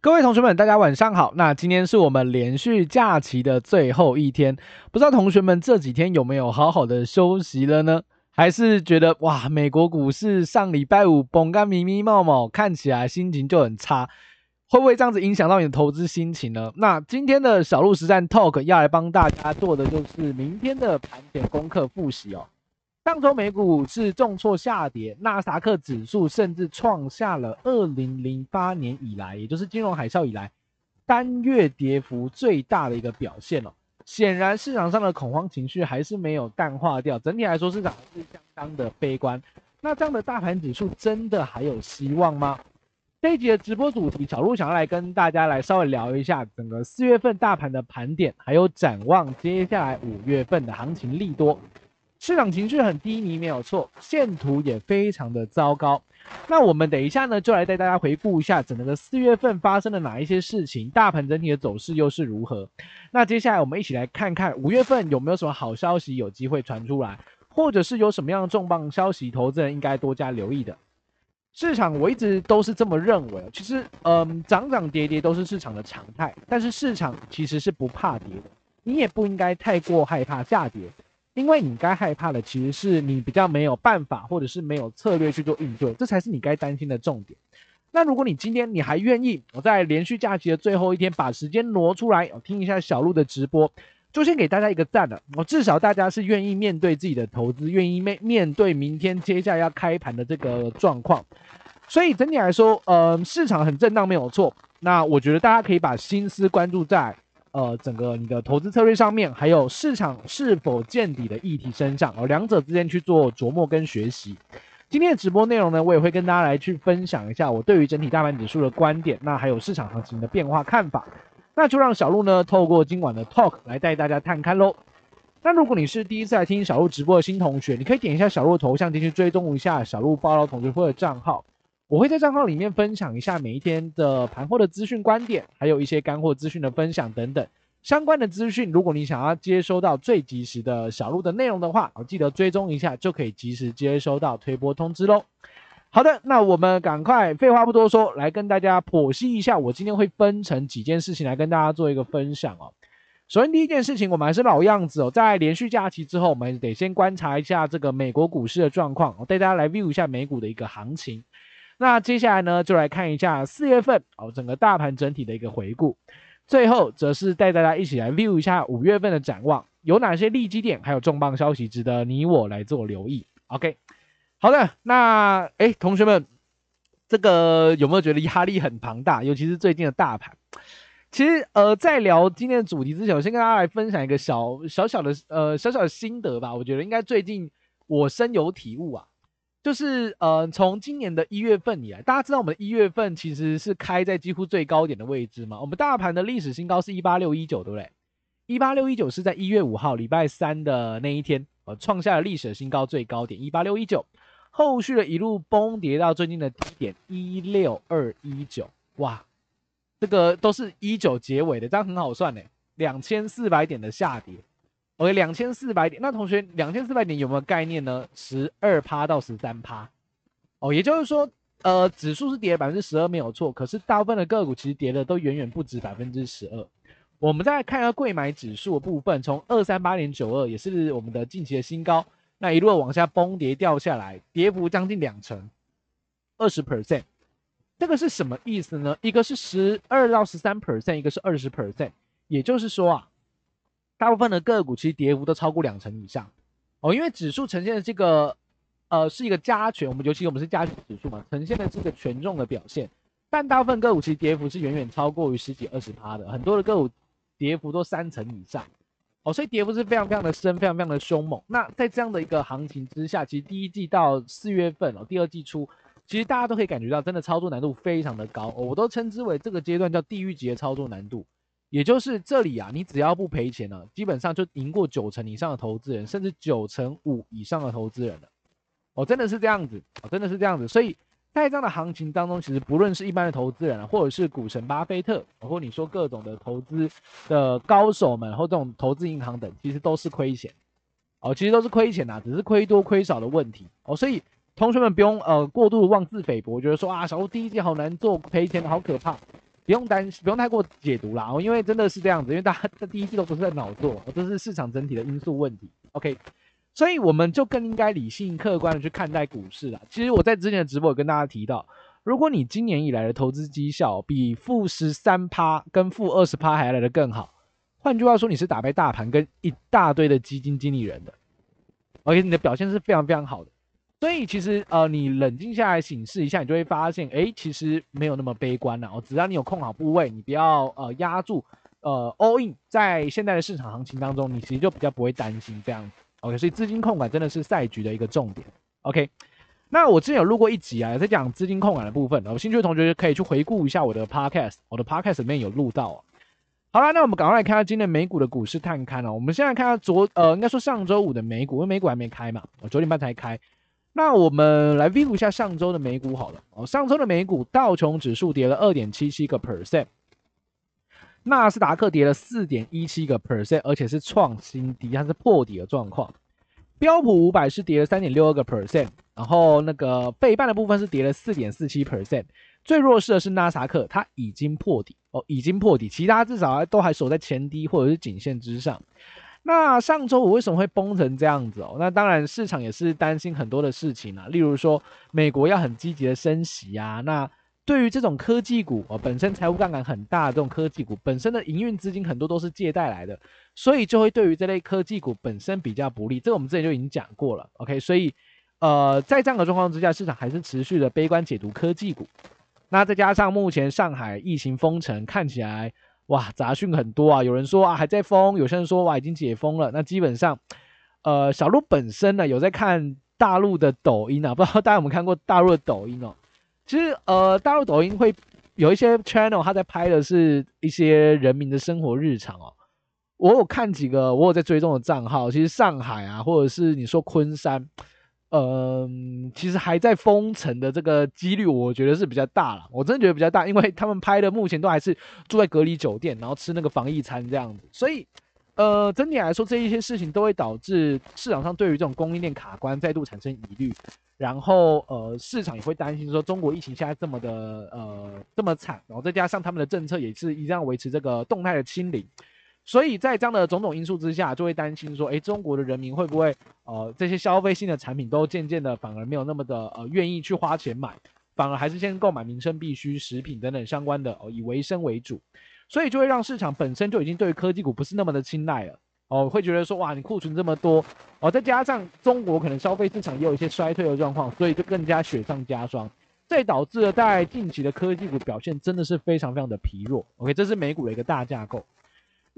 各位同學們，大家晚上好。那今天是我們連續假期的最後一天，不知道同學們這幾天有沒有好好的休息了呢？還是覺得哇，美國股市上禮拜五崩個咪咪冒冒，看起來心情就很差，會不會這樣子影響到你的投資心情呢？那今天的小路實戰 talk 要來幫大家做的就是明天的盤點功課複習哦。上週美股是重挫，下跌，納斯達克指數甚至創下了二零零八年以來，也就是金融海嘯以來單月跌幅最大的一個表現哦。顯然市場上的恐慌情緒還是沒有淡化掉，整體來說，市場還是相當的悲觀。那這樣的大盤指數真的還有希望嗎？這一集的直播主題，小路想要來跟大家來稍微聊一下整個四月份大盤的盤點，還有展望接下來五月份的行情利多。市場情緒很低迷，沒有錯，線圖也非常的糟糕。那我們等一下呢，就來帶大家回顧一下整個的四月份發生了哪一些事情，大盤整體的走勢又是如何？那接下來我們一起來看看五月份有沒有什麼好消息有機會傳出來，或者是有什麼樣的重磅消息，投資人應該多加留意的。市場我一直都是這麼認為，其實，嗯，漲漲跌跌都是市場的常態，但是市場其實是不怕跌的，你也不應該太過害怕下跌。因為你該害怕的其實是你比較沒有辦法，或者是沒有策略去做應對，這才是你該擔心的重點。那如果你今天你還願意，我在連續假期的最後一天把時間挪出來，我聽一下小鹿的直播，就先給大家一個贊了。我至少大家是願意面對自己的投資，願意面面對明天接下來要開盤的這個狀況。所以整體來說，呃，市場很震盪沒有錯。那我覺得大家可以把心思關注在。呃，整個你的投資策略上面，還有市場是否見底的議題身上，而兩者之間去做琢磨跟學習。今天的直播內容呢，我也會跟大家來去分享一下我對於整體大盤指數的觀點，那還有市場行情的變化看法。那就讓小路呢透過今晚的 talk 來帶大家探看嘍。那如果你是第一次來聽小路直播的新同學，你可以點一下小路頭像進去追蹤一下小路爆料同學會的賬號。我會在賬號裡面分享一下每一天的盤後的資訊觀點，還有一些乾貨資訊的分享等等相關的資訊。如果你想要接收到最即時的小路的內容的話，記得追蹤一下就可以即時接收到推播通知嘍。好的，那我們趕快廢話不多說，來跟大家剖析一下。我今天會分成幾件事情來跟大家做一個分享哦。首先第一件事情，我們還是老樣子哦，在連續假期之後，我們得先觀察一下這個美國股市的狀況。我帶大家來 view 一下美股的一個行情。那接下來呢，就來看一下四月份哦，整個大盤整體的一個回顧。最後，則是帶大家一起來 view 一下五月份的展望，有哪些利基點，還有重磅消息值得你我來做留意。OK，好的，那哎，同學們，這個有沒有覺得壓力很龐大？尤其是最近的大盤。其實，呃，在聊今天的主題之前，我先跟大家來分享一個小小小的呃小小的心得吧。我覺得應該最近我深有體悟啊。就是呃，從今年的一月份以來，大家知道我們一月份其實是開在幾乎最高點的位置嘛？我們大盤的歷史新高是一八六一九，對不對？一八六一九是在一月五號禮拜三的那一天，呃，創下了歷史新高最高點一八六一九，後續的一路崩跌到最近的低點一六二一九，哇，這個都是一九結尾的，這樣很好算呢，兩千四百點的下跌。OK，兩千四百點，那同學，兩千四百點有沒有概念呢？十二趴到十三趴，哦，也就是說，呃，指數是跌了百分之十二沒有錯，可是大部分的個股其實跌的都遠遠不止百分之十二。我們再看一下貴買指數櫃買指數的部分，從二三八點九二，也是我們的近期的新高，那一路往下崩跌掉下來，跌幅將近兩成，二十 percent，這個是什麼意思呢？一個是十二到十三 percent，一個是二十 percent，也就是說啊。大部分的個股其實跌幅都超過兩成以上哦，因為指數呈現的這個呃是一個加權，我們尤其我們是加權指數嘛，呈現的是一個權重的表現。但大部分個股其實跌幅是遠遠超過於十幾二十趴的，很多的個股跌幅都三成以上哦，所以跌幅是非常非常的深，非常非常的兇猛。那在這樣的一個行情之下，其實第一季到四月份哦，第二季初，其實大家都可以感覺到，真的操作難度非常的高哦，我都稱之為這個階段叫地獄級的操作難度。也就是這裡啊，你只要不賠錢啊，基本上就贏過九成以上的投資人，甚至九成五以上的投資人了。哦，真的是這樣子哦，真的是這樣子。所以在這樣的行情當中，其實不論是一般的投資人、啊，或者是股神巴菲特，包括你說各種的投資的高手們，或者這種投資銀行等，其實都是虧錢。哦，其實都是虧錢啊，只是虧多虧少的問題。哦，所以同學們不用呃過度妄自菲薄，覺得說啊，小路第一季好難做，賠錢的好可怕。不用擔心，不用太過解讀啦，哦，因為真的是這樣子，因為大家在第一季都都是在炒作，這是市場整體的因素問題。OK，所以我們就更應該理性客觀的去看待股市了。其實我在之前的直播有跟大家提到，如果你今年以來的投資績效比負十三趴跟負二十趴還來得更好，換句話說，你是打敗大盤跟一大堆的基金經理人的，OK，你的表現是非常非常好的。所以其實呃，你冷靜下來省思一下，你就會發現，哎、欸，其實沒有那麼悲觀了、啊、哦。只要你有控好部位，你不要呃壓住呃 all in，在現在的市場行情當中，你其實就比較不會擔心這樣子。OK，所以資金控管真的是賽局的一個重點。OK，那我之前有錄過一集啊，也在講資金控管的部分，有、啊、興趣的同學可以去回顧一下我的 podcast，我的 podcast 裡面有錄到、啊。好啦，那我們趕快來看下今天美股的股市探勘哦、啊。我們現在看下昨呃，應該說上周五的美股，因為美股還沒開嘛，我九點半才開。那我們來 view 一下上周的美股好了，哦，上周的美股，道瓊指數跌了二點七七個 percent，納斯達克跌了四點一七個 percent，而且是創新低，它是破底的狀況。標普五百是跌了三點六二個 percent，然後那個費半的部分是跌了四點四七 percent，最弱勢的是納斯達克，它已經破底哦，已經破底，其他至少還都還守在前低或者是頸線之上。那上週五為什麼會崩成這樣子哦？那當然，市場也是擔心很多的事情啊，例如說美國要很積極的升息啊。那對於這種科技股啊，本身財務槓桿很大的這種科技股，本身的營運資金很多都是借貸來的，所以就會對於這類科技股本身比較不利。這個我們之前就已經講過了，OK？所以，呃，在這樣的狀況之下，市場還是持續的悲觀解讀科技股。那再加上目前上海疫情封城，看起來。哇，雜訊很多啊！有人說啊，還在封，有些人說哇，已經解封了。那基本上，呃，小路本身呢有在看大陸的抖音啊，不知道大家有沒有看過大陸的抖音哦。其實呃，大陸抖音會有一些 channel，它在拍的是一些人民的生活日常哦。我有看幾個，我有在追蹤的賬號，其實上海啊，或者是你說昆山。呃、嗯，其實還在封城的這個幾率，我覺得是比較大了。我真的覺得比較大，因為他們拍的目前都還是住在隔離酒店，然後吃那個防疫餐這樣子。所以，呃，整體來說，這一些事情都會導致市場上對於這種供應鏈卡關再度產生疑慮。然後，呃，市場也會擔心說，中國疫情現在這麼的呃這麼慘，然後再加上他們的政策也是一樣維持這個動態的清零。所以在這樣的種種因素之下，就會擔心說，哎、欸，中國的人民會不會，呃，這些消費性的產品都漸漸的反而沒有那麼的呃願意去花錢買，反而還是先購買民生必需食品等等相關的哦、呃，以維生為主，所以就會讓市場本身就已經對科技股不是那麼的青睞了，哦、呃，會覺得說，哇，你庫存這麼多，哦、呃，再加上中國可能消費市場也有一些衰退的狀況，所以就更加雪上加霜，這也導致了在近期的科技股表現真的是非常非常的疲弱。OK，這是美股的一個大架構。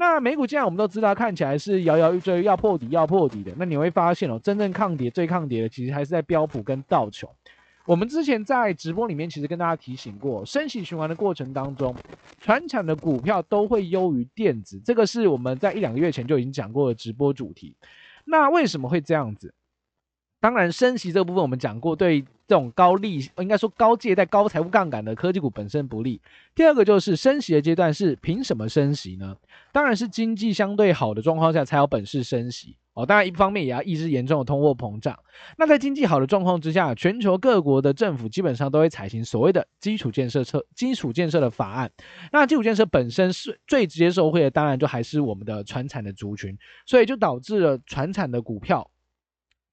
那美股，既然我們都知道，看起來是搖搖欲墜，要破底，要破底的。那你會發現哦，真正抗跌、最抗跌的，其實還是在標普跟道瓊。我們之前在直播裡面，其實跟大家提醒過，升息循環的過程當中，傳產的股票都會優於電子，這個是我們在一兩個月前就已經講過的直播主題。那為什麼會這樣子？當然，升息這部分我們講過，對這種高利應該說高借貸、高財務槓桿的科技股本身不利。第二個就是升息的階段是憑什麼升息呢？當然是經濟相對好的狀況下才有本事升息哦。當然，一方面也要抑制嚴重的通貨膨脹。那在經濟好的狀況之下，全球各國的政府基本上都會採行所謂的基礎建設策、基礎建設的法案。那基礎建設本身是最直接受惠的，當然就還是我們的傳產的族群，所以就導致了傳產的股票。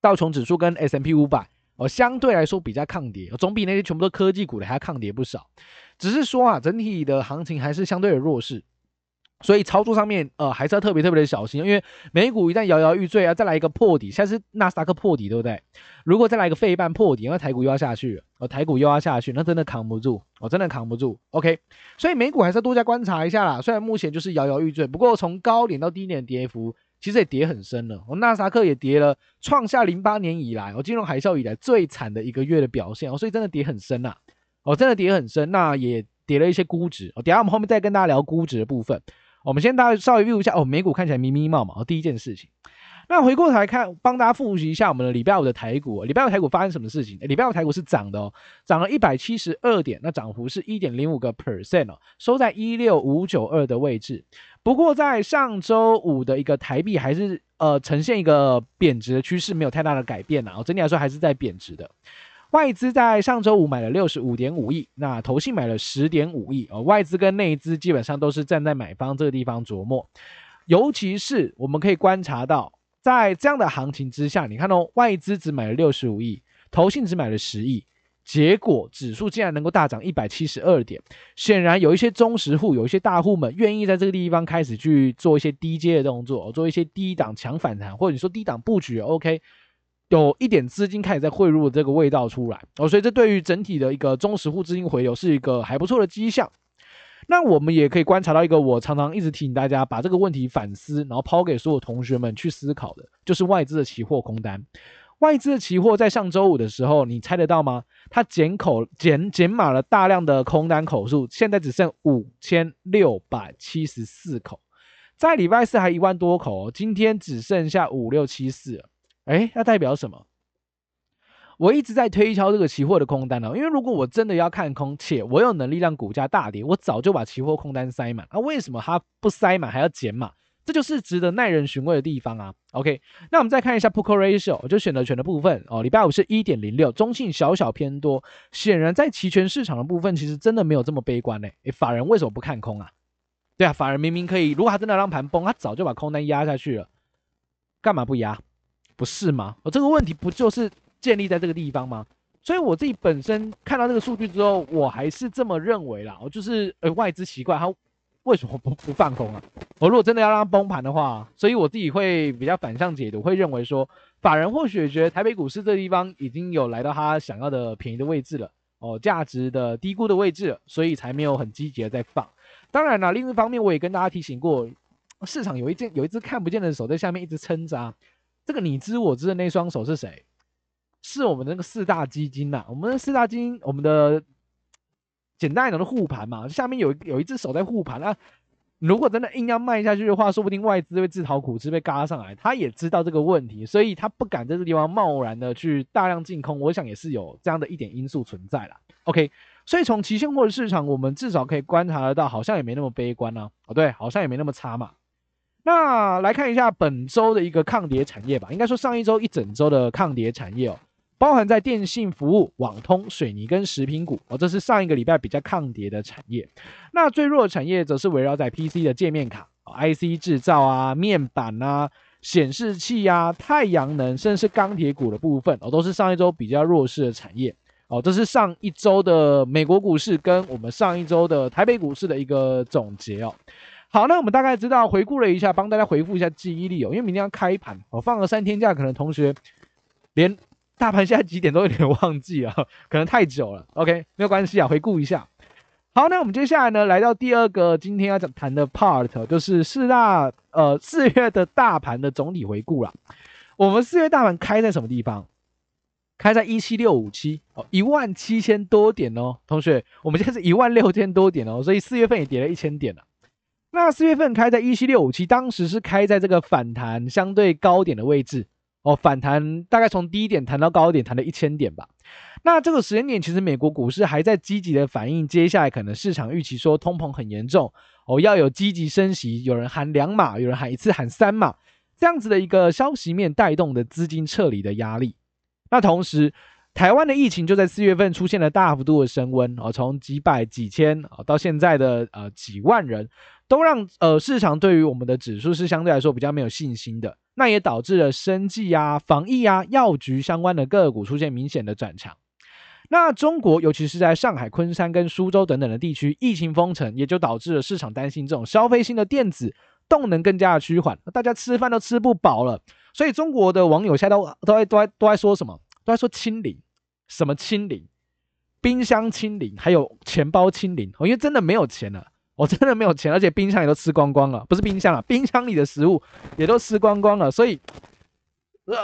道瓊指數跟 S&P 500，哦，相對來說比較抗跌、哦，總比那些全部都科技股的還要抗跌不少。只是說啊，整體的行情還是相對的弱勢，所以操作上面，呃，還是要特別特別的小心，因為美股一旦搖搖欲墜啊，再來一個破底，現在是納斯達克破底，對不對？如果再來一個費半破底，那台股又要下去了，呃、哦，台股又要下去，那真的扛不住，我、哦、真的扛不住。OK，所以美股還是要多加觀察一下啦。雖然目前就是搖搖欲墜，不過從高點到低點的跌幅。其實也跌很深了，我、哦、納斯達克也跌了，創下零八年以來、哦，金融海嘯以來最慘的一個月的表現，哦、所以真的跌很深吶、啊，我、哦、真的跌很深，那也跌了一些估值，哦、等下我們後面再跟大家聊估值的部分，我們先大家稍微預估一下，哦，美股看起來迷迷茫茫、哦，第一件事情。那回過頭來看，幫大家複習一下我們的禮拜五的台股啊，禮拜五台股發生什麼事情？禮拜五台股是漲的哦，漲了一百七十二點，那漲幅是一點零五個 percent 哦，收在一六五九二的位置。不過在上周五的一個台幣還是呃呈現一個貶值的趨勢，沒有太大的改變啊，哦，整體來說還是在貶值的。外資在上周五買了六十五點五億，那投信買了十點五億，哦、呃，外資跟內資基本上都是站在買方這個地方琢磨。尤其是我們可以觀察到，在這樣的行情之下，你看哦，外資只買了六十五億，投信只買了十億，結果指數竟然能夠大漲一百七十二點。顯然有一些中實戶，有一些大戶們願意在這個地方開始去做一些低階的動作，哦，做一些低檔強反彈，或者說低檔布局，OK，有一點資金開始在匯入這個味道出來哦，所以這對於整體的一個中實戶資金回流是一個還不錯的跡象。那我們也可以觀察到一個，我常常一直提醒大家把這個問題反思，然後拋給所有同學們去思考的，就是外資的期貨空單。外資的期貨在上周五的時候，你猜得到嗎？它減口減減碼了大量的空單口數，現在只剩五千六百七十四口，在禮拜四還一萬多口哦，今天只剩下五六七四了。哎，那代表什麼？我一直在推敲這個期貨的空單哦，因為如果我真的要看空，且我有能力讓股價大跌，我早就把期貨空單塞滿。那、啊、為什麼它不塞滿還要減碼？這就是值得耐人尋味的地方啊。OK，那我們再看一下 put call ratio，就選擇權的部分哦。禮拜五是一點零六，中性小小偏多，顯然在期權市場的部分其實真的沒有這麼悲觀嘞。誒，法人為什麼不看空啊？對啊，法人明明可以，如果他真的讓盤崩，他早就把空單壓下去了，幹嘛不壓？不是嗎？我、哦、這個問題不就是？建立在這個地方嗎？所以我自己本身看到這個數據之後，我還是這麼認為啦。我就是呃外資奇怪，他為什麼不不放空啊？我如果真的要讓它崩盤的話，所以我自己會比較反向解讀，會認為說法人或許覺得台北股市這個地方已經有來到他想要的便宜的位置了哦，價值的低估的位置了，所以才沒有很積極的在放。當然啦，另一方面我也跟大家提醒過，市場有一件有一隻看不見的手在下面一直撐着啊，這個你知我知的那雙手是誰？是我們的那個四大基金吶、啊，我們的四大基金，我們的簡單一點的護盤嘛，下面有有一隻手在護盤啊。如果真的硬要賣下去的話，說不定外資會自討苦吃，被嘎上來。他也知道這個問題，所以他不敢在這個地方貿然的去大量進空。我想也是有這樣的一點因素存在了。OK，所以從期現貨的市場，我們至少可以觀察得到，好像也沒那麼悲觀呢、啊。哦，對，好像也沒那麼差嘛。那來看一下本週的一個抗跌產業吧。應該說上一週一整週的抗跌產業哦。包含在電信服務、網通、水泥跟食品股哦，這是上一個禮拜比較抗跌的產業。那最弱的產業則是圍繞在 PC 的界面卡、哦、IC 製造啊、面板吶、啊、顯示器啊、太陽能，甚至是鋼鐵股的部分哦，都是上一周比較弱勢的產業哦。這是上一周的美國股市跟我們上一周的台北股市的一個總結哦。好，那我們大概知道，回顧了一下，幫大家回復一下記憶力哦，因為明天要開盤哦，放了三天假，可能同學連。大盤現在幾點都有點忘記了，可能太久了。OK，沒有關係啊，回顧一下。好，那我們接下來呢，來到第二個今天要講談的 part，就是四大呃四月的大盤的總體回顧了。我們四月大盤開在什麼地方？開在一七六五七，哦，一萬七千多點哦，同學，我們現在是一萬六千多點哦，所以四月份也跌了一千點了。那四月份開在一七六五七，當時是開在這個反彈相對高點的位置。哦，反彈大概從低點彈到高點，彈了一千點吧。那這個時間點，其實美國股市還在積極的反應，接下來可能市場預期說通膨很嚴重，哦，要有積極升息，有人喊兩碼，有人喊一次喊三碼，這樣子的一個消息面帶動的資金撤離的壓力。那同時。台灣的疫情就在四月份出現了大幅度的升溫，啊、哦，從幾百幾千啊、哦、到現在的呃幾萬人，都讓呃市場對於我們的指數是相對來說比較沒有信心的。那也導致了生技啊、防疫啊、藥局相關的個股出現明顯的轉強。那中國，尤其是在上海、昆山跟蘇州等等的地區，疫情封城也就導致了市場擔心這種消費性的電子動能更加的趨緩。大家吃飯都吃不飽了，所以中國的網友現在都都，都，都，都在都在都在說什麼？都在說清零。什麼清零？冰箱清零，還有錢包清零。哦，因為真的沒有錢了、啊，我、哦、真的沒有錢，而且冰箱也都吃光光了，不是冰箱了、啊，冰箱裡的食物也都吃光光了，所以呃，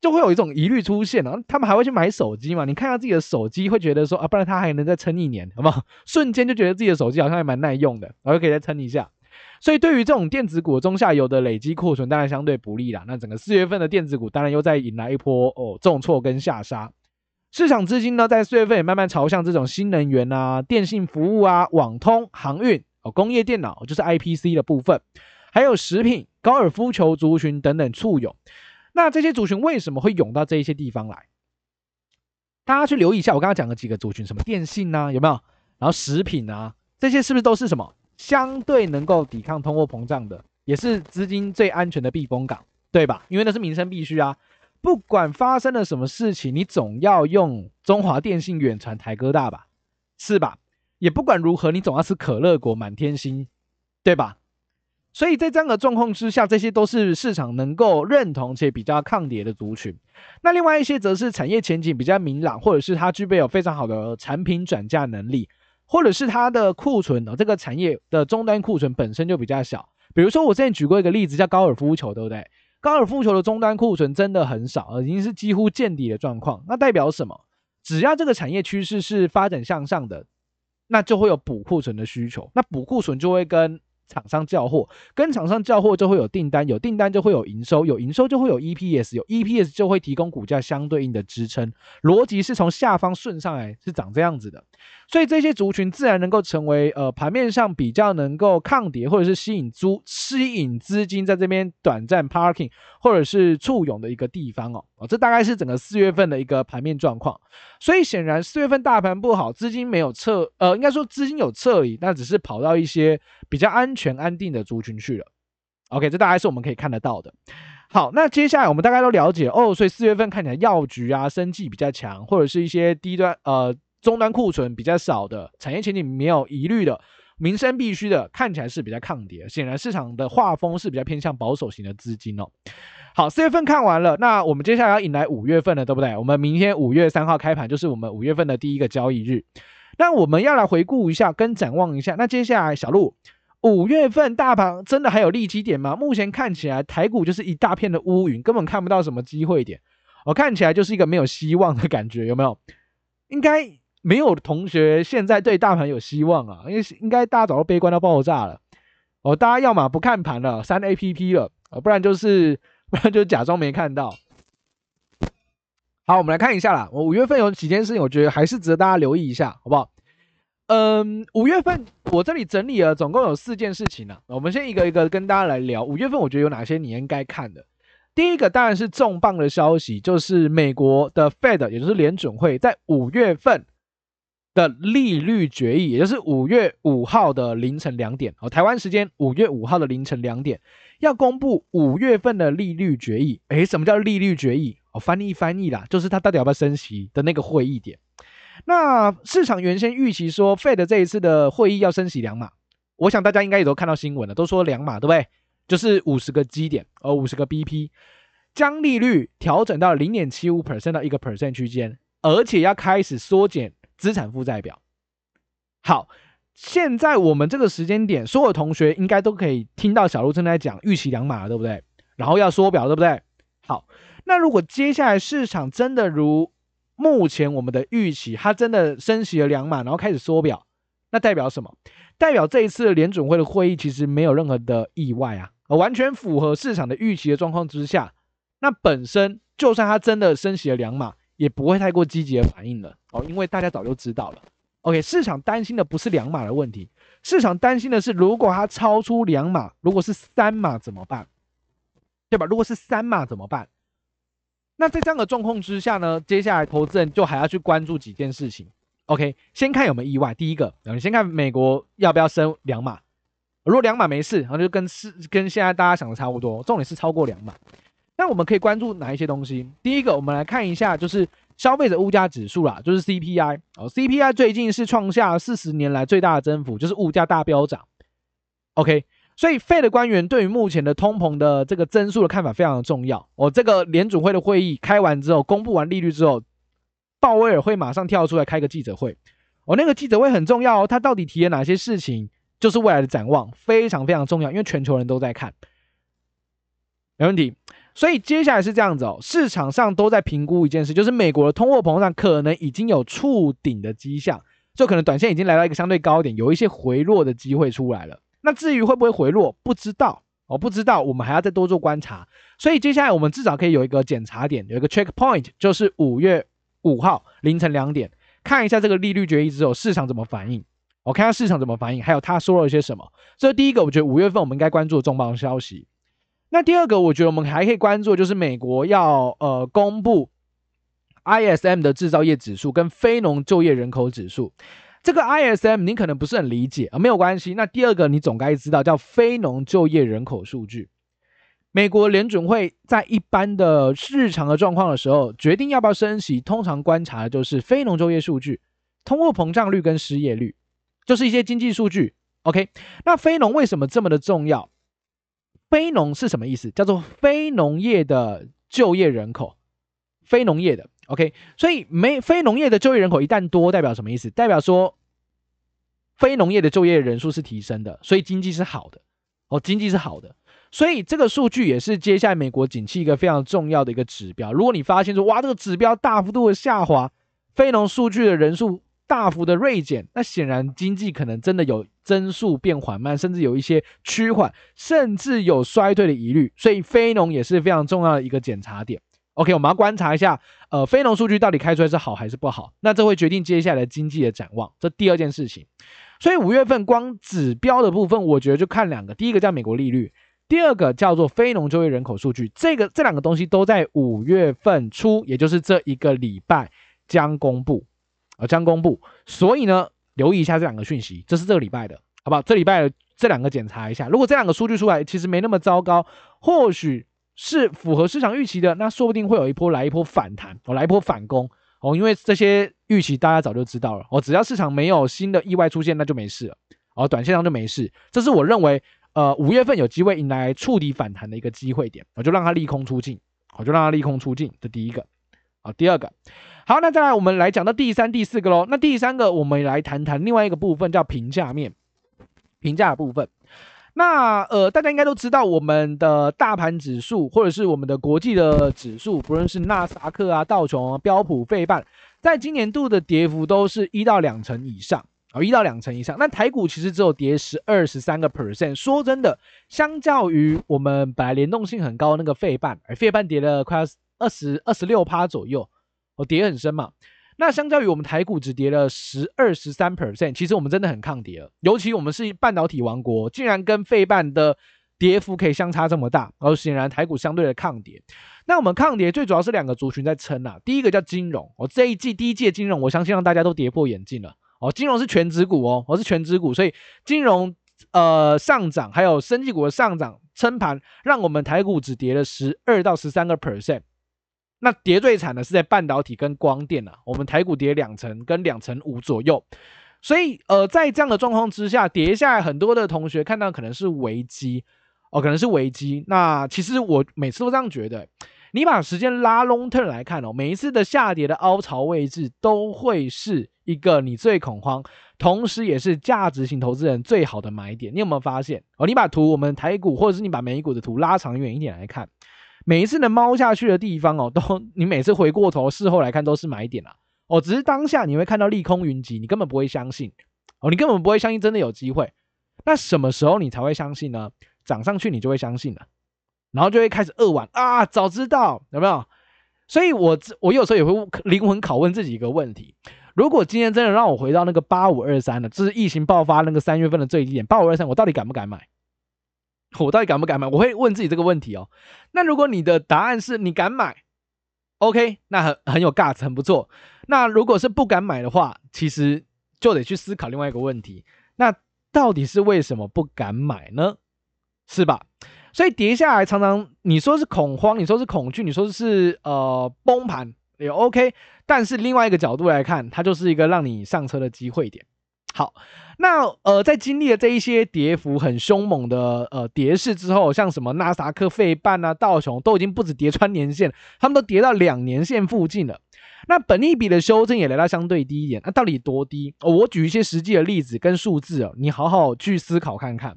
就會有一種疑慮出現了、啊。他們還會去買手機嘛？你看一下自己的手機，會覺得說啊，不然它還能再撐一年，好不好？瞬間就覺得自己的手機好像還蠻耐用的，然後可以再撐一下。所以對於這種電子股中下游的累積庫存，當然相對不利啦。那整個四月份的電子股，當然又再引來一波哦重挫跟下殺。市場資金呢，在四月份也慢慢朝向這種新能源啊、電信服務啊、網通航運哦、工業電腦，就是 IPC 的部分，還有食品、高爾夫球族群等等簇擁。那這些族群為什麼會湧到這些地方來？大家去留意一下，我剛剛講了幾個族群，什麼電信啊，有沒有？然後食品啊，這些是不是都是什麼相對能夠抵抗通貨膨脹的，也是資金最安全的避風港，對吧？因為那是民生必需啊。不管發生了什麼事情，你總要用中華電信、遠傳、台哥大吧，是吧？也不管如何，你總要吃可樂果、滿天星，對吧？所以在這樣的狀況之下，這些都是市場能夠認同且比較抗跌的族群。那另外一些則是產業前景比較明朗，或者是它具備有非常好的產品轉嫁能力，或者是它的庫存，這個產業的終端庫存本身就比較小。比如說我之前舉過一個例子，叫高爾夫球，對不對？高爾夫球的終端庫存真的很少，而已經是幾乎見底的狀況。那代表什麼？只要這個產業趨勢是發展向上的，那就會有補庫存的需求。那補庫存就會跟。廠商叫貨，跟廠商叫貨就會有訂單，有訂單就會有營收，有營收就會有 EPS，有 EPS 就會提供股價相對應的支撐。邏輯是從下方順上來，是長這樣子的，所以這些族群自然能夠成為呃盤面上比較能夠抗跌，或者是吸引租吸引資金在這邊短暫 parking 或者是簇擁的一個地方哦。哦這大概是整個四月份的一個盤面狀況。所以顯然四月份大盤不好，資金沒有撤，呃，應該說資金有撤離，但只是跑到一些。比較安全安定的族群去了，OK，這大概是我們可以看得到的。好，那接下來我們大概都了解哦，所以四月份看起來藥局啊，生技比較強，或者是一些低端呃，終端庫存比較少的產業前景沒有疑慮的，民生必須的，看起來是比較抗跌。顯然市場的畫風是比較偏向保守型的資金哦。好，四月份看完了，那我們接下來要迎來五月份了，對不對？我們明天五月三號開盤就是我們五月份的第一個交易日，那我們要來回顧一下跟展望一下。那接下來小路，五月份大盤真的還有利基點嗎？目前看起來台股就是一大片的烏雲，根本看不到什麼機會點。哦，看起來就是一個沒有希望的感覺，有沒有？應該沒有同學現在對大盤有希望啊，因為應該大家早就悲觀到爆炸了。哦，大家要麼不看盤了，刪 APP 了，哦，不然就是不然就假裝沒看到。好，我們來看一下啦。我五月份有幾件事情，我覺得還是值得大家留意一下，好不好？嗯，五月份我這裡整理了總共有四件事情呢、啊，我們先一個一個跟大家來聊。五月份我覺得有哪些你應該看的？第一個當然是重磅的消息，就是美國的 Fed，也就是聯準會在五月份的利率決議，也就是五月五號的凌晨兩點，哦，台灣時間五月五號的凌晨兩點，要公布五月份的利率決議。誒、欸，什麼叫利率決議？哦，翻譯翻譯啦，就是他到底要不要升息的那個會議點。那市場原先預期說，Fed 這一次的會議要升息兩碼，我想大家應該也都看到新聞了，都說兩碼，對不對？就是五十個基點，呃，五十個 BP，將利率調整到零點七五 percent 到一個 percent 區間，而且要開始縮減資產負債表。好，現在我們這個時間點，所有同學應該都可以聽到小路正在講預期兩碼了，對不對？然後要縮表，對不對？好，那如果接下來市場真的如目前我們的預期，它真的升息了兩碼，然後開始縮表，那代表什麼？代表這一次的聯準會的會議其實沒有任何的意外啊，呃，完全符合市場的預期的狀況之下，那本身就算它真的升息了兩碼，也不會太過積極的反應了哦，因為大家早就知道了。OK，市場擔心的不是兩碼的問題，市場擔心的是如果它超出兩碼，如果是三碼怎麼辦？對吧？如果是三碼怎麼辦？那在這樣的狀況之下呢，接下來投資人就還要去關注幾件事情。OK，先看有沒有意外。第一個，你先看美國要不要升兩碼。如果兩碼沒事，然後就跟是跟現在大家想的差不多。重點是超過兩碼。那我們可以關注哪一些東西？第一個，我們來看一下，就是消費者物價指數啦，就是 CPI。哦，CPI 最近是創下四十年來最大的增幅，就是物價大飆漲。OK。所以 Fed 的官員對於目前的通膨的這個增速的看法非常的重要。哦，這個聯準會的會議開完之後，公布完利率之後，鮑威爾會馬上跳出來開個記者會。哦，那個記者會很重要哦，他到底提了哪些事情，就是未來的展望，非常非常重要，因為全球人都在看。沒問題。所以接下來是這樣子哦，市場上都在評估一件事，就是美國的通貨膨脹可能已經有觸頂的跡象，就可能短線已經來到一個相對高點，有一些回落的機會出來了。那至於會不會回落，不知道，我、哦、不知道，我們還要再多做觀察。所以接下來我們至少可以有一個檢查點，有一個 checkpoint，就是五月五號凌晨兩點，看一下這個利率決議之後市場怎麼反應。我、哦、看一下市場怎麼反應，還有他說了一些什麼。這第一個，我覺得五月份我們應該關注重磅消息。那第二個，我覺得我們還可以關注，就是美國要呃公布 ISM 的製造業指數跟非農就業人口指數。這個 ISM 你可能不是很理解啊，沒有關係。那第二個你總該知道叫非農就業人口數據。美國聯準會在一般的日常的狀況的時候，決定要不要升息，通常觀察的就是非農就業數據、通貨膨脹率跟失業率，就是一些經濟數據。OK，那非農為什麼這麼的重要？非農是什麼意思？叫做非農業的就業人口，非農業的。OK，所以沒非農業的就業人口一旦多，代表什麼意思？代表說非農業的就業人數是提升的，所以經濟是好的。哦，經濟是好的，所以這個數據也是接下來美國景氣一個非常重要的一個指標。如果你發現說哇，這個指標大幅度的下滑，非農數據的人數大幅的銳減，那顯然經濟可能真的有增速變緩慢，甚至有一些趨緩，甚至有衰退的疑慮。所以非農也是非常重要的一個檢查點。OK，我們要觀察一下，呃，非農數據到底開出來是好還是不好？那這會決定接下來經濟的展望。這第二件事情，所以五月份光指標的部分，我覺得就看兩個，第一個叫美國利率，第二個叫做非農就業人口數據。這個這兩個東西都在五月份初，也就是這一個禮拜將公布，啊、呃，將公布。所以呢，留意一下這兩個訊息，這是這個禮拜的，好不好？這禮拜的這兩個檢查一下，如果這兩個數據出來其實沒那麼糟糕，或許。是符合市場預期的，那說不定會有一波，來一波反彈，哦，來一波反攻，哦，因為這些預期大家早就知道了，哦，只要市場沒有新的意外出現，那就沒事了，哦，短線上就沒事。這是我認為，呃，五月份有機會迎來觸底反彈的一個機會點，我、哦、就讓它利空出盡，我、哦、就讓它利空出盡。這第一個，啊、哦，第二個，好，那再來我們來講到第三、第四個嘍。那第三個，我們來談談另外一個部分，叫評價面，評價的部分。那呃，大家應該都知道，我們的大盤指數或者是我們的國際的指數，不論是納斯達克啊、道瓊啊、標普、費半，在今年度的跌幅都是一到兩成以上啊，哦，一到兩成以上。那台股其實只有跌十二十三個 percent。說真的，相較於我們本來聯動性很高的那個費半，而費半跌了快二十二十六趴左右，哦，跌很深嘛。那相較於我們台股只跌了十二十三 percent，其實我們真的很抗跌了。尤其我們是半導體王國，竟然跟費半的跌幅可以相差這麼大、哦。而顯然台股相對的抗跌。那我們抗跌最主要是兩個族群在撐、啊、第一個叫金融我、哦、這一季第一季金融，我相信讓大家都跌破眼鏡了哦。金融是權值股哦，是權值股，所以金融呃上漲，還有生技股的上漲撐盤，讓我們台股只跌了十二到十三個 percent。那跌最慘的是在半導體跟光電了、啊、我們台股跌兩成跟兩成五左右，所以呃在這樣的狀況之下，跌下來很多的同學看到可能是危機哦，可能是危機。那其實我每次都這樣覺得，你把時間拉 long term 來看哦，每一次的下跌的凹槽位置都會是一個你最恐慌，同時也是價值型投資人最好的買點。你有沒有發現哦？你把圖我們台股，或者是你把美股的圖拉長遠一點來看。每一次能貓下去的地方哦，都你每次回過頭事後來看都是買點啦、啊，哦，只是當下你會看到利空雲集，你根本不會相信哦，你根本不會相信真的有機會。那什麼時候你才會相信呢？漲上去你就會相信了，然後就會開始惡玩啊！早知道有沒有？所以我我有時候也會靈魂拷問自己一個問題：如果今天真的讓我回到那個八五二三的，就是疫情爆發那個三月份的最低點八五二三，我到底敢不敢買？我到底敢不敢買？我會問自己這個問題哦。那如果你的答案是你敢買，OK，那很很有 guts，很不錯。那如果是不敢買的話，其實就得去思考另外一個問題，那到底是為什麼不敢買呢？是吧？所以跌下來常常你說是恐慌，你說是恐懼，你說是呃崩盤也 OK，但是另外一個角度來看，它就是一個讓你上車的機會點。好，那呃，在經歷了這一些跌幅很凶猛的呃跌勢之後，像什麼納斯達克費半啊、道瓊都已經不止跌穿年線，他們都跌到兩年線附近了。那本益比的修正也來到相對低一點，那、啊、到底多低哦？我舉一些實際的例子跟數字哦，你好好去思考看看。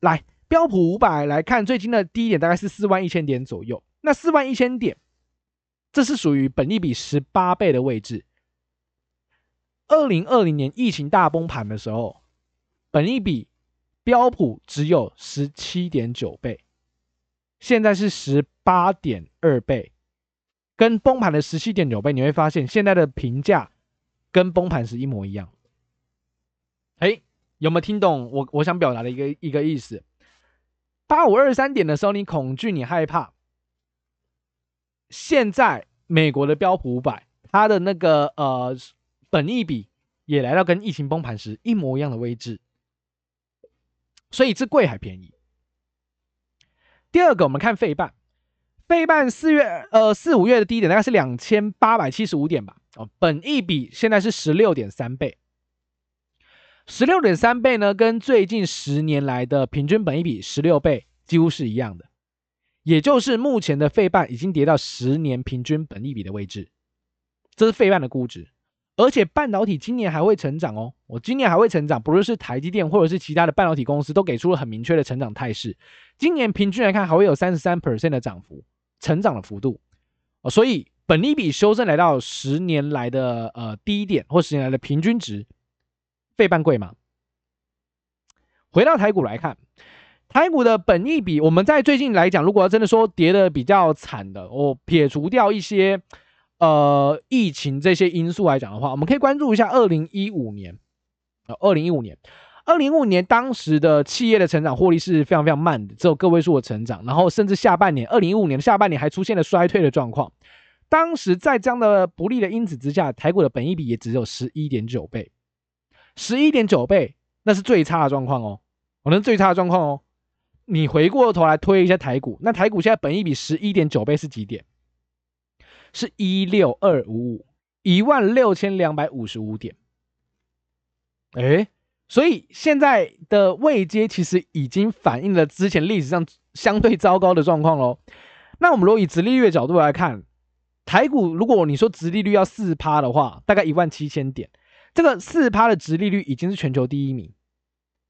來，標普五百來看，最近的低點大概是四萬一千點左右。那四萬一千點，這是屬於本益比十八倍的位置。二零二零年疫情大崩盤的時候，本益比標普只有十七點九倍，現在是十八點二倍，跟崩盤的十七點九倍，你會發現現在的評價跟崩盤是一模一樣。哎，有沒有聽懂我我想表達的一個一個意思？八五二三點的時候，你恐懼，你害怕。現在美國的標普五百，它的那個呃。本益比也來到跟疫情崩盤時一模一樣的位置，所以這貴還便宜？第二個，我們看費半，費半四月呃四五月的低點大概是兩千八百七十五點吧，哦，本益比現在是十六點三倍，十六點三倍呢跟最近十年來的平均本益比十六倍幾乎是一樣的，也就是目前的費半已經跌到十年平均本益比的位置，這是費半的估值。.而且半導體今年還會成長哦，我今年還會成長，不論是台積電或者是其他的半導體公司，都給出了很明確的成長態勢。今年平均來看，還會有三十三 percent 的漲幅，成長的幅度。哦，所以本益比修正來到十年來的呃低點或十年來的平均值，費半貴嗎？回到台股來看，台股的本益比，我們在最近來講，如果要真的說跌得比較慘的，我撇除掉一些。呃，疫情這些因素來講的話，我們可以關注一下二零一五年，二零一五年，二零一五年當時的企業的成長獲利是非常非常慢的，只有個位數的成長，然後甚至下半年，二零一五年下半年還出現了衰退的狀況。當時在這樣的不利的因子之下，台股的本益比也只有十一點九倍，十一點九倍，那是最差的狀況哦，哦，那是最差的狀況哦。你回過頭來推一下台股，那台股現在本益比十一點九倍是幾點？是一六二五五一萬六千兩百五十五點。哎，所以現在的位階其實已經反映了之前歷史上相對糟糕的狀況嘍。那我們如果以殖利率的角度來看，台股如果你說殖利率要四趴的話，大概一萬七千點，這個四趴的殖利率已經是全球第一名，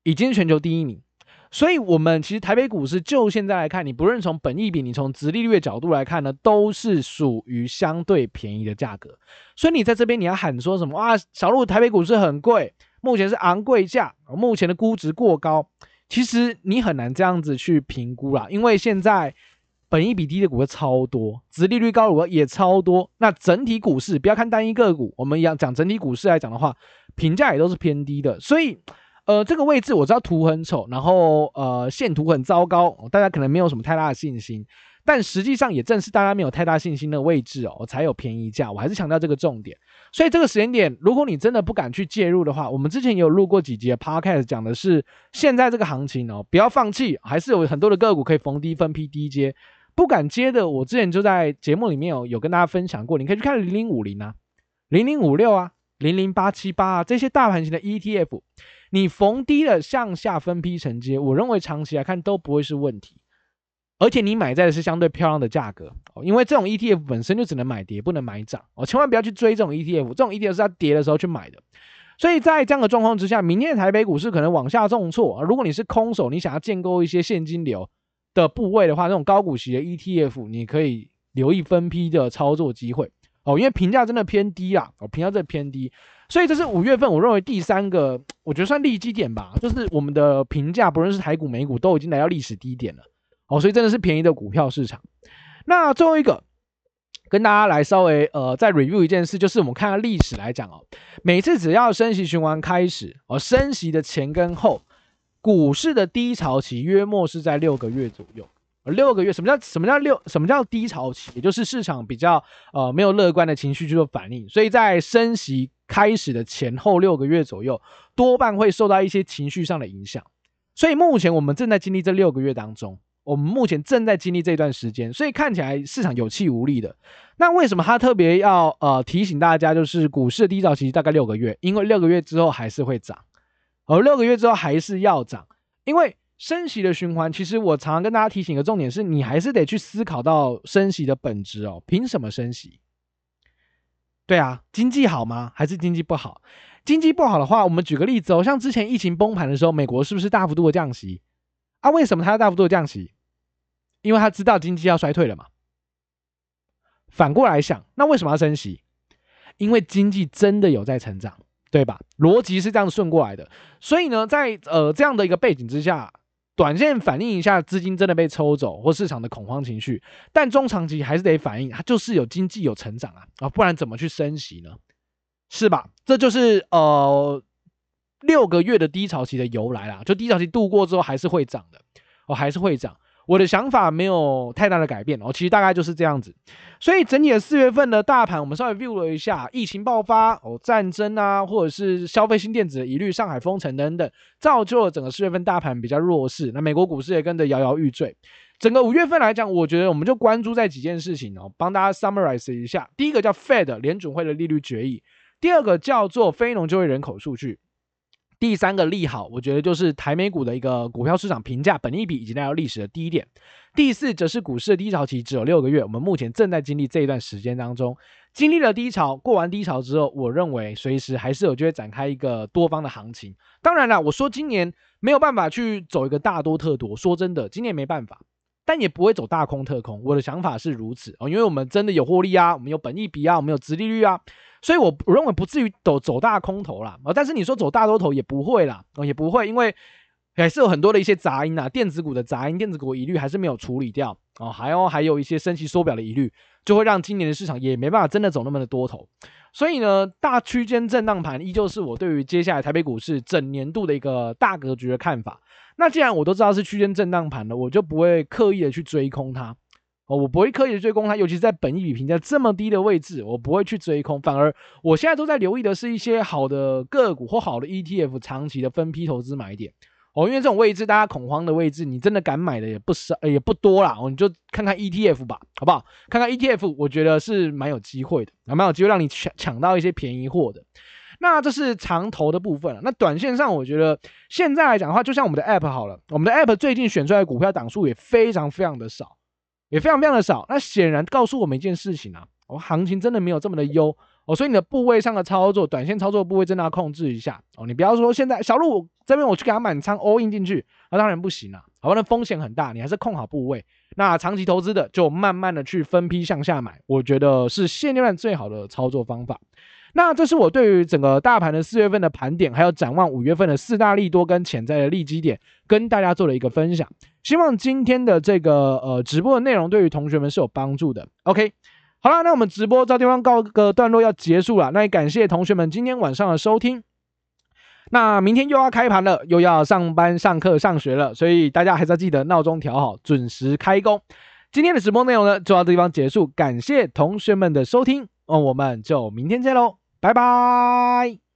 已經是全球第一名。所以，我們其實台北股市就現在來看，你不論從本益比，你從殖利率的角度來看呢，都是屬於相對便宜的價格。所以你在這邊你要喊說什麼啊？小鹿，台北股市很貴，目前是昂貴價，目前的估值過高。其實你很難這樣子去評估啦，因為現在本益比低的股超多，殖利率高的股也超多。那整體股市，不要看單一個股，我們要講整體股市來講的話，評價也都是偏低的。所以。呃，這個位置我知道圖很醜，然後呃線圖很糟糕，大家可能沒有什麼太大的信心。但實際上，也正是大家沒有太大信心的位置哦，才有便宜價。我還是強調這個重點。所以這個時間點，如果你真的不敢去介入的話，我們之前有錄過幾集的 podcast，講的是現在這個行情哦，不要放棄，還是有很多的個股可以逢低分批低接。不敢接的，我之前就在節目裡面有有跟大家分享過，你可以去看零零五零啊、零零五六啊、零零八七八啊這些大盤型的 ETF。你逢低的向下分批承接，我認為長期來看都不會是問題，而且你買在的是相對漂亮的價格，哦，因為這種 ETF 本身就只能買跌，不能買漲哦，千萬不要去追這種 ETF，這種 ETF 是要跌的時候去買的，所以在這樣的狀況之下，明天的台北股市可能往下重挫，啊，如果你是空手，你想要建構一些現金流的部位的話，這種高股息的 ETF 你可以留意分批的操作機會。哦，因為評價真的偏低啊，哦，評價真的偏低，所以這是五月份我認為第三個，我覺得算利基點吧，就是我們的評價，不論是台股、美股都已經來到歷史低點了，哦，所以真的是便宜的股票市場。那最後一個，跟大家來稍微呃再 review 一件事，就是我們看看歷史來講哦，每次只要升息循環開始，哦，升息的前跟後，股市的低潮期約莫是在六個月左右。六個月，什麼叫什麼叫六，什麼叫低潮期，也就是市場比較呃沒有樂觀的情緒去做反應，所以在升息開始的前後六個月左右，多半會受到一些情緒上的影響。所以目前我們正在經歷這六個月當中，我們目前正在經歷這段時間，所以看起來市場有氣無力的。那為什麼他特別要呃提醒大家，就是股市的低潮期大概六個月，因為六個月之後還是會漲，而，呃，六個月之後還是要漲，因為。升息的循環，其實我常常跟大家提醒的重點是，你還是得去思考到升息的本質哦。憑什麼升息？對啊，經濟好嗎？還是經濟不好？經濟不好的話，我們舉個例子哦，像之前疫情崩盤的時候，美國是不是大幅度的降息？啊，為什麼他要大幅度的降息？因為他知道經濟要衰退了嘛。反過來想，那為什麼要升息？因為經濟真的有在成長，對吧？邏輯是這樣順過來的。所以呢，在呃這樣的一個背景之下。短線反映一下資金真的被抽走或市場的恐慌情緒，但中長期還是得反映它就是有經濟有成長啊啊，然後，不然怎麼去升息呢？是吧？這就是呃六個月的低潮期的由來啦，就低潮期度過之後還是會漲的，哦還是會漲。我的想法沒有太大的改變哦，其實大概就是這樣子。所以整體的四月份的大盤，我們稍微 view 了一下，疫情爆發哦，戰爭啊，或者是消費新電子的疑慮，上海封城等等，造就了整個四月份大盤比較弱勢。那美國股市也跟着搖搖欲墜。整個五月份來講，我覺得我們就關注在幾件事情哦，幫大家 summarize 一下。第一個叫 Fed 聯準會的利率決議，第二個叫做非農就業人口數據。第三個利好，我覺得就是台美股的一個股票市場評價本益比已經來到歷史的低點。第四則是股市的低潮期只有六個月，我們目前正在經歷這一段時間當中，經歷了低潮，過完低潮之後，我認為隨時還是有機會展開一個多方的行情。當然啦，我說今年沒有辦法去走一個大多特多，說真的，今年沒辦法，但也不會走大空特空。我的想法是如此啊、哦，因為我們真的有獲利啊，我們有本益比啊，我們有殖利率啊。所以，我我認為不至於走走大空頭啦，啊、哦，但是你說走大多頭也不會啦、哦，也不會，因為還是有很多的一些雜音啊，電子股的雜音，電子股的疑慮還是沒有處理掉啊、哦，還有還有一些升息縮表的疑慮，就會讓今年的市場也沒辦法真的走那麼的多頭。所以呢，大區間震盪盤依舊是我對於接下來台北股市整年度的一個大格局的看法。那既然我都知道是區間震盪盤了，我就不會刻意的去追空它。哦，我不會刻意的追空它，尤其是在本益比評價這麼低的位置，我不會去追空。反而，我現在都在留意的是一些好的個股或好的 ETF，長期的分批投資買點。哦，因為這種位置，大家恐慌的位置，你真的敢買的也不少，也不多啦，哦，你就看看 ETF 吧，好不好？看看 ETF，我覺得是蠻有機會的，蠻有機會讓你搶搶到一些便宜貨的。那這是長投的部分，那短線上，我覺得現在來講的話，就像我們的 App 好了，我們的 App 最近選出來的股票檔數也非常非常的少。也非常非常的少，那顯然告訴我們一件事情啊，我、哦、行情真的沒有這麼的優哦，所以你的部位上的操作，短線操作的部位真的要控制一下哦，你不要說現在小路這邊我去給他滿倉 all in 進去，那、啊、當然不行了，啊，好吧，那風險很大，你還是控好部位。那長期投資的就慢慢的去分批向下買，我覺得是現階段最好的操作方法。那這是我對於整個大盤的四月份的盤點，還有展望五月份的四大利多跟潛在的利基點，跟大家做了一個分享。希望今天的這個呃直播的內容對於同學們是有幫助的。OK，好啦，那我們直播到地方告個段落要結束了。那也感謝同學們今天晚上的收聽。那明天又要開盤了，又要上班、上課、上學了，所以大家還是要記得鬧鐘調好，準時開工。今天的直播內容呢，就到這地方結束，感謝同學們的收聽。嗯，我們就明天見嘍，拜拜。